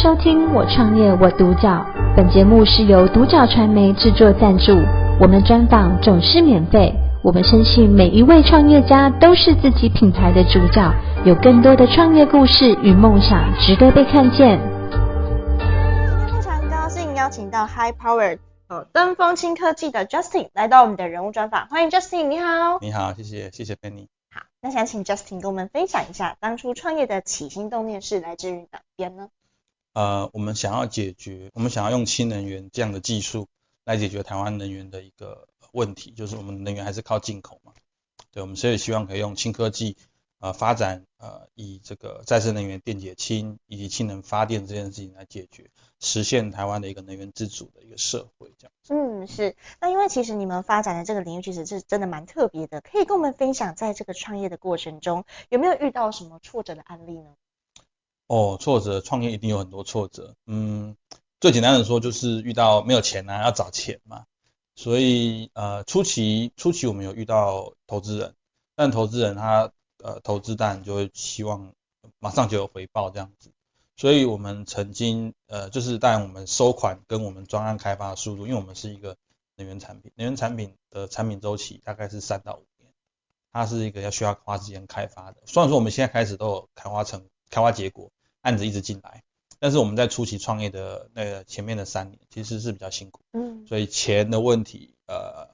收聽我創業我獨角，本節目是由獨角傳媒制作贊助。我們專訪總是免費，我們相信每一位創業家都是自己品牌的主角，有更多的創業故事與夢想值得被看見。非常高興邀請到 hiPower e 哦鐙鋒氫科技的 Justin 來到我們的人物專訪，歡迎 Justin，你好，你好，謝謝謝謝 Penny。好，那想請 Justin 跟我們分享一下當初創業的起心動念是來自於哪邊呢？呃，我們想要解決，我們想要用氫能源，這樣的技術來解決台灣能源的一個問題，就是我們能源還是靠進口嘛，對，我們所以希望可以用氫科技，呃，發展呃，以這個再生能源電解氫以及氫能發電這件事情來解決，實現台灣的一個能源自主的一個社會，這樣。嗯，是。那因為其實你們發展的這個領域其實是真的蠻特別的，可以跟我們分享，在這個創業的過程中，有沒有遇到什麼挫折的案例呢？哦，挫折，創業一定有很多挫折。嗯，最簡單的說就是遇到沒有錢啊，要找錢嘛。所以呃，初期初期我們有遇到投資人，但投資人他呃投資當然就會希望馬上就有回報這樣子。所以我們曾經呃就是在我們收款跟我們專案開發的速度，因為我們是一個能源產品，能源產品的產品週期大概是三到五年，它是一個要需要花時間開發的。雖然說我們現在開始都有開花成開花結果。案子一直進來，但是我們在初期創業的那個前面的三年其實是比較辛苦。嗯，所以錢的問題，呃，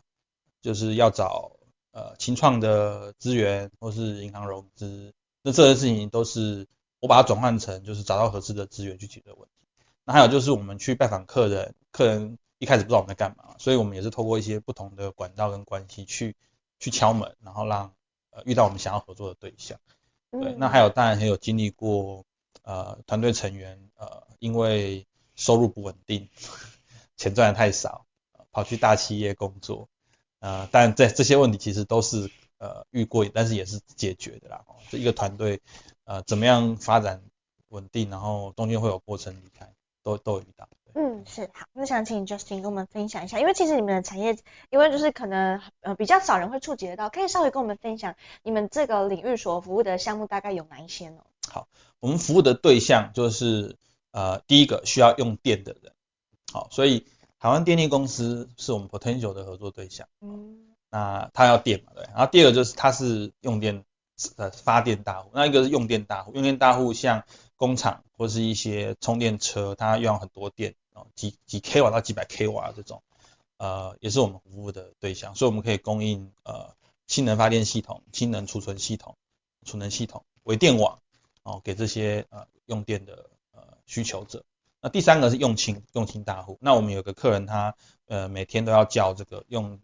就是要找呃青創的資源或是銀行融資，那這些事情都是我把它轉換成就是找到合適的資源去解決問題。那還有就是我們去拜訪客人，客人一開始不知道我們在幹嘛，所以我們也是透過一些不同的管道跟關係去去敲門，然後讓呃遇到我們想要合作的對象，對，嗯、那還有當然也有經歷過。呃，團隊成員呃，因為收入不穩定，錢賺得太少，呃，跑去大企業工作。呃，但這這些問題其實都是呃遇過，但是也是解決的啦。這、哦、就一個團隊呃，怎麼樣發展穩定，然後中間會有過程離開，都都有遇到。嗯，是，好，那想請 Justin 跟我們分享一下，因為其實你們的產業，因為就是可能呃比較少人會觸及得到，可以稍微跟我們分享你們這個領域所服務的項目大概有哪一些呢？好，我們服務的對象就是呃第一個需要用電的人，好，所以台灣電力公司是我們 potential 的合作對象。嗯，那他要電嘛，對。然後第二個就是他是用電呃發電大戶，那一個是用電大戶，用電大戶像工廠或是一些充電車，它用很多電幾幾 k 瓦到幾百 k 瓦這種，呃也是我們服務的對象，所以我們可以供應呃氫能發電系統、氫能儲存系統、儲能系統、微電網。哦，給這些呃用電的呃需求者。那第三個是用氫，用氫大戶。那我們有個客人他，他呃每天都要叫這個用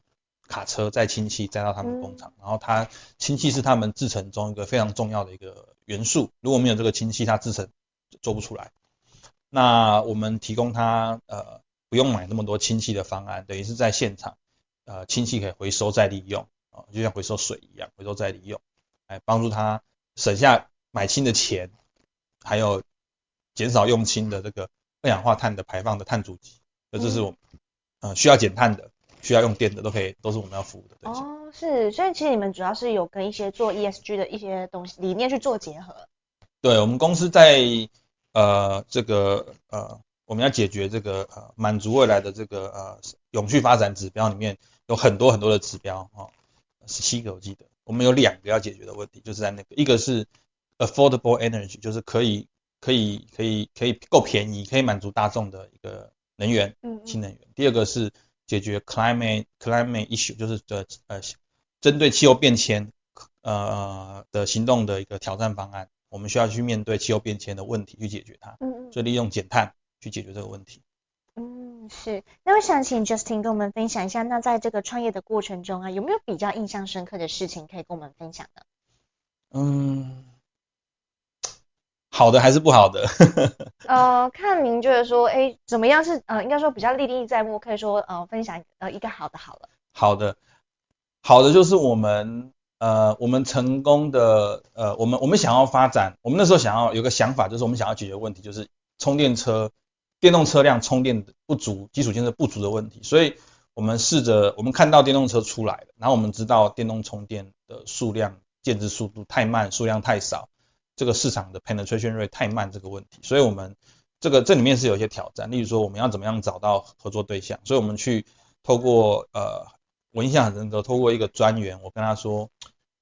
卡車載氫氣載到他們工廠，嗯、然後他氫氣是他們製程中一個非常重要的一個元素，如果沒有這個氫氣，他製程做不出來。那我們提供他呃不用買那麼多氫氣的方案，等於是在現場呃氫氣可以回收再利用啊、呃，就像回收水一樣，回收再利用，來幫助他省下。買氫的錢，還有減少用氫的這個二氧化碳的排放的碳足跡，那這是我們、嗯、呃需要減碳的、需要用電的都可以，都是我們要服務的對。哦，是，所以其實你們主要是有跟一些做 ESG 的一些東西理念去做結合。對，我們公司在呃這個呃我們要解決這個呃滿足未來的這個呃永續發展指標裡面有很多很多的指標啊，哦，十七個我記得，我們有兩個要解決的問題，就是在那個一個是。Affordable energy 就是可以可以可以可以夠便宜，可以滿足大眾的一個能源，嗯，新能源嗯嗯。第二個是解決 climate climate issue，就是呃呃針對氣候變遷呃的行動的一個挑戰方案。我們需要去面對氣候變遷的問題去解決它，嗯嗯，所以利用減碳去解決這個問題。嗯，是。那我想請 Justin 跟我們分享一下，那在這個創業的過程中啊，有沒有比較印象深刻的事情可以跟我們分享的？嗯。好的還是不好的？ 呃，看您就是說，哎，怎麼樣是呃，應該說比較歷歷在目，可以說呃，分享呃一個好的好了。好的，好的就是我們呃，我們成功的呃，我們我們想要發展，我們那時候想要有個想法，就是我們想要解決問題，就是充電車、電動車輛充電不足、基礎建設不足的問題，所以我們試着我們看到電動車出來了，然後我們知道電動充電的數量建置速度太慢，數量太少。這個市場的 penetration rate 太慢這個問題，所以我們這個這裡面是有一些挑戰，例如說我們要怎麼樣找到合作對象，所以我們去透過呃，我印象很深刻，透過一個專員，我跟他說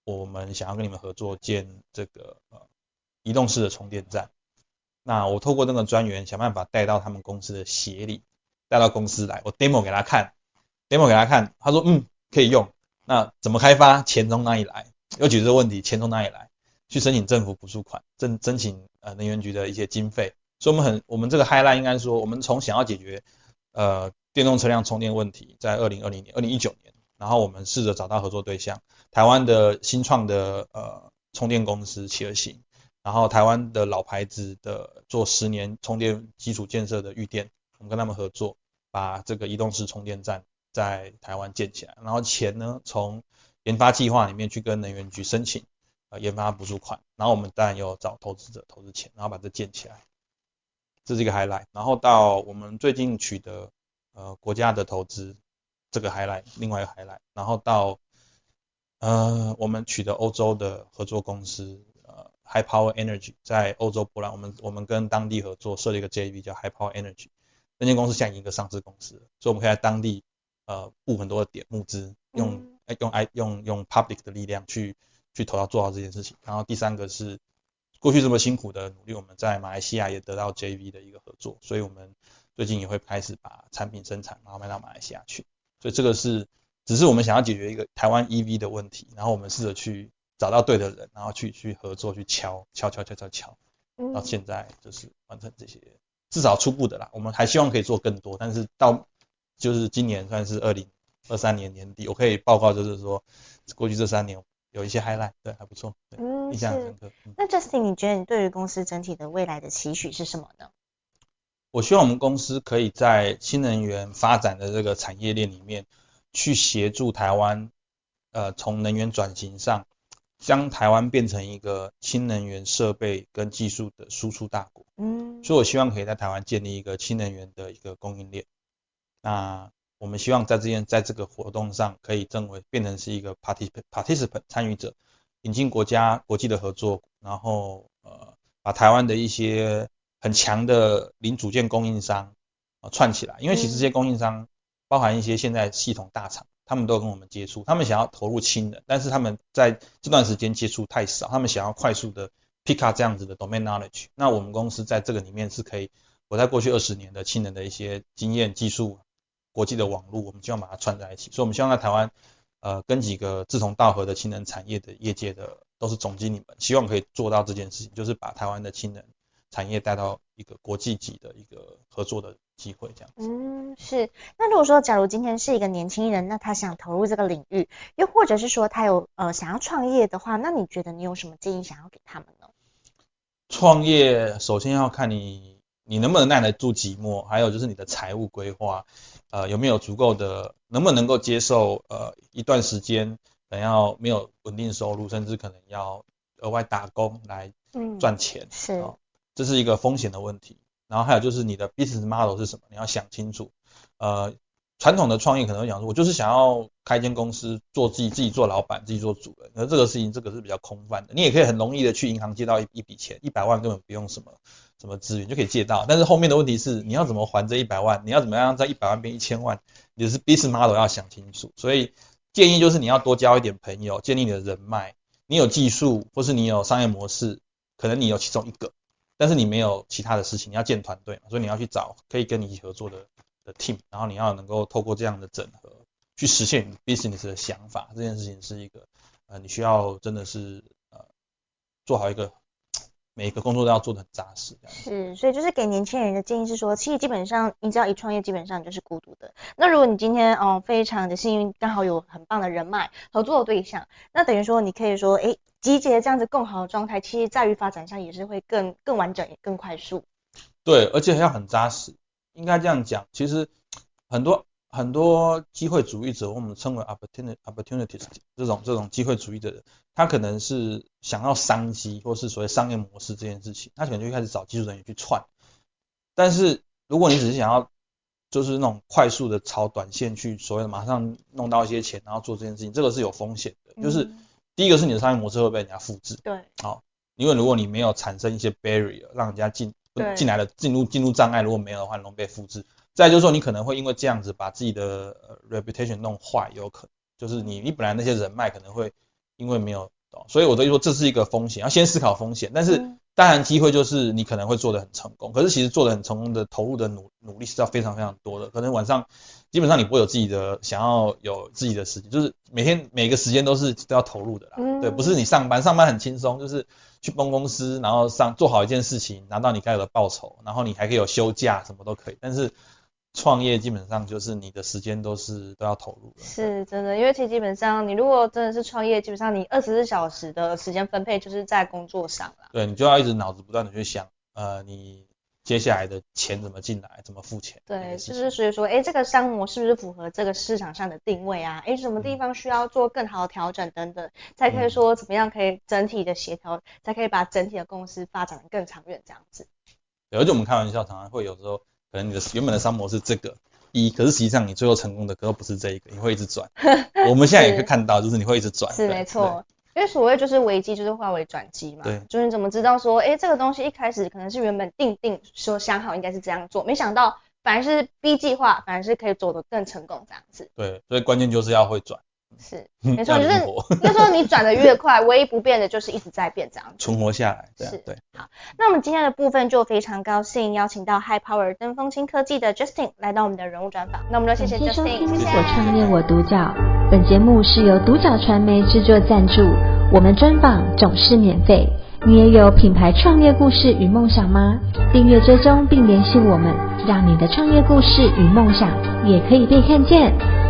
我們想要跟你們合作建這個呃移動式的充電站，那我透過那個專員想辦法帶到他們公司的協理，帶到公司來，我 demo 給他看，demo 給他看，他說嗯可以用，那怎麼開發，錢從哪裡來？要解決這個問題，錢從哪裡來。去申請政府補助款，征申，申請呃能源局的一些經費，所以我們很我們這個 Highline 應該說，我們從想要解決呃電動車輛充電問題在2020，在二零二零年二零一九年，然後我們試着找到合作對象，台灣的新創的呃充電公司起而行，然後台灣的老牌子的做十年充電基礎建設的裕電，我們跟他們合作，把這個移動式充電站在台灣建起來，然後錢呢，從研發計劃裡面去跟能源局申請。呃，研發補助款，然後我們當然有找投資者投資錢，然後把這建起來，這是一個 highlight，然後到我們最近取得呃國家的投資，這個 highlight，另外一個 highlight，然後到呃我們取得歐洲的合作公司呃 High Power Energy 在歐洲波蘭，我們我們跟當地合作設立一個 JV 叫 High Power Energy，那間公司像一個上市公司，所以我們可以在當地呃布很多的點募資，用、嗯、用用用 Public 的力量去。去投要做好這件事情。然後第三個是過去這麼辛苦的努力，我們在馬來西亞也得到 JV 的一個合作，所以我們最近也會開始把產品生產，然後賣到馬來西亞去。所以這個是只是我們想要解決一個台灣 EV 的問題，然後我們試着去找到對的人，然後去去合作，去敲敲敲敲敲敲，到現在就是完成這些，至少初步的啦。我們還希望可以做更多，但是到就是今年算是二零二三年年底，我可以報告就是說，過去這三年，有一些 highlight，對，還不錯，印象很深刻。嗯，那 Justin，你覺得你對於公司整體的未來的期許是什麼呢？我希望我們公司可以在新能源發展的這個產業鏈裡面，去協助台灣，呃，從能源轉型上，將台灣變成一個新能源設備跟技術的輸出大國。嗯，所以我希望可以在台灣建立一個新能源的一個供應鏈。那我們希望在這件在這個活動上可以成為變成是一個 participant participant 參與者，引進國家國際的合作，然後呃，把台灣的一些很強的零組件供應商串起來，因為其實這些供應商包含一些現在系統大廠，他們都跟我們接觸，他們想要投入氫能，但是他們在這段時間接觸太少，他們想要快速的 pick up 這樣子的 domain knowledge，那我們公司在這個裡面是可以我在過去二十年的氫能的一些經驗技術。國際的網絡，我們希望把它串在一起。所以，我們希望在台灣，呃，跟幾個志同道合的氫能產業的業界的都是總經理們，希望可以做到這件事情，就是把台灣的氫能產業帶到一個國際級的一個合作的機會，這樣子。嗯，是。那如果說，假如今天是一個年輕人，那他想投入這個領域，又或者是說他有呃想要創業的話，那你覺得你有什麼建議想要給他們呢？創業首先要看你。你能不能耐得住寂寞？還有就是你的財務規劃，呃，有沒有足夠的，能不能夠接受呃一段時間可能要沒有穩定收入，甚至可能要額外打工來賺錢，嗯、是、哦，這是一個風險的問題。然後還有就是你的 business model 是什麼？你要想清楚。呃，傳統的創業可能會想說，我就是想要開一間公司，做自己自己做老板，自己做主人。那這個事情這個是比較空泛的，你也可以很容易的去銀行借到一一筆錢，一百萬根本不用什麼。什麼資源就可以借到，但是後面的問題是你要怎麼還這一百萬？你要怎麼樣在一百萬變一千萬？你就是 business model 要想清楚。所以建議就是你要多交一點朋友，建立你的人脈。你有技術，或是你有商業模式，可能你有其中一個，但是你沒有其他的事情，你要建團隊嘛。所以你要去找可以跟你一起合作的的 team，然後你要能夠透過這樣的整合去實現 business 的想法。這件事情是一個呃你需要真的是呃做好一個。每一個工作都要做得很扎實，是，所以就是給年輕人的建議是說，其實基本上你只要一創業，基本上就是孤獨的。那如果你今天哦非常的幸運，剛好有很棒的人脈、合作的對象，那等於說你可以說，誒、欸，集結這樣子更好的狀態，其實在於發展上也是會更更完整、更快速。對，而且還要很扎實，應該這樣講，其實很多。很多機會主義者，我們稱為 opportunity opportunities 這種這種機會主義者，他可能是想要商機，或是所謂商業模式這件事情，他可能就開始找技術人員去串。但是如果你只是想要，就是那種快速的朝短線去，所謂馬上弄到一些錢，然後做這件事情，這個是有風險的。就是第一個是你的商業模式會被人家複製，對、嗯，好，因為如果你沒有產生一些 barrier 讓人家進。進來了，進入進入障礙，如果沒有的話，容易被複製。再就是說，你可能會因為這樣子把自己的呃 reputation 弄壞，也有可能就是你你本來那些人脈可能會因為沒有，所以我都說這是一個風險，要先思考風險。但是、嗯，當然，機會就是你可能會做得很成功，可是其實做得很成功的投入的努努力是要非常非常多的。可能晚上基本上你不會有自己的想要有自己的時間，就是每天每個時間都是都要投入的啦。對，不是你上班，上班很輕鬆，就是去幫公司，然後上做好一件事情，拿到你該有的報酬，然後你還可以有休假，什麼都可以。但是創業基本上就是你的時間都是都要投入的，是真的，因為其實基本上你如果真的是創業，基本上你二十四小時的時間分配就是在工作上了。對你就要一直腦子不斷的去想，呃，你接下來的錢怎麼進來，怎麼付錢，對，就是所以說，哎、欸，這個項目是不是符合這個市場上的定位啊？哎、欸，什麼地方需要做更好的調整等等，才可以說怎麼樣可以整體的協調、嗯，才可以把整體的公司發展得更長遠這樣子。對，而且我們開玩笑，常常會有時候。可能你的原本的商模是這個一，可是實際上你最後成功的可能不是這一個，你會一直轉 我們現在也可以看到，就是你會一直轉。是沒錯，因為所謂就是危機就是化為轉機嘛。對。就是你怎麼知道說，哎、欸，這個東西一開始可能是原本定定說想好應該是這樣做，沒想到反而是 B 計劃反而是可以走得更成功這樣子。對，所以關鍵就是要會轉。是，沒錯，就是那時候你轉的越快，唯一不變的就是一直在變，這樣子存活下來這樣。是，對。好，那我們今天的部分就非常高興邀請到 hiPower 鐙鋒氫科技的 Justin 來到我們的人物專訪。那我們就謝謝 Justin，聽聽謝謝我創業，我獨角。本節目是由獨角傳媒製作贊助，我們專訪總是免費。你也有品牌創業故事與夢想嗎？訂閱追蹤並聯繫我們，讓你的創業故事與夢想也可以被看見。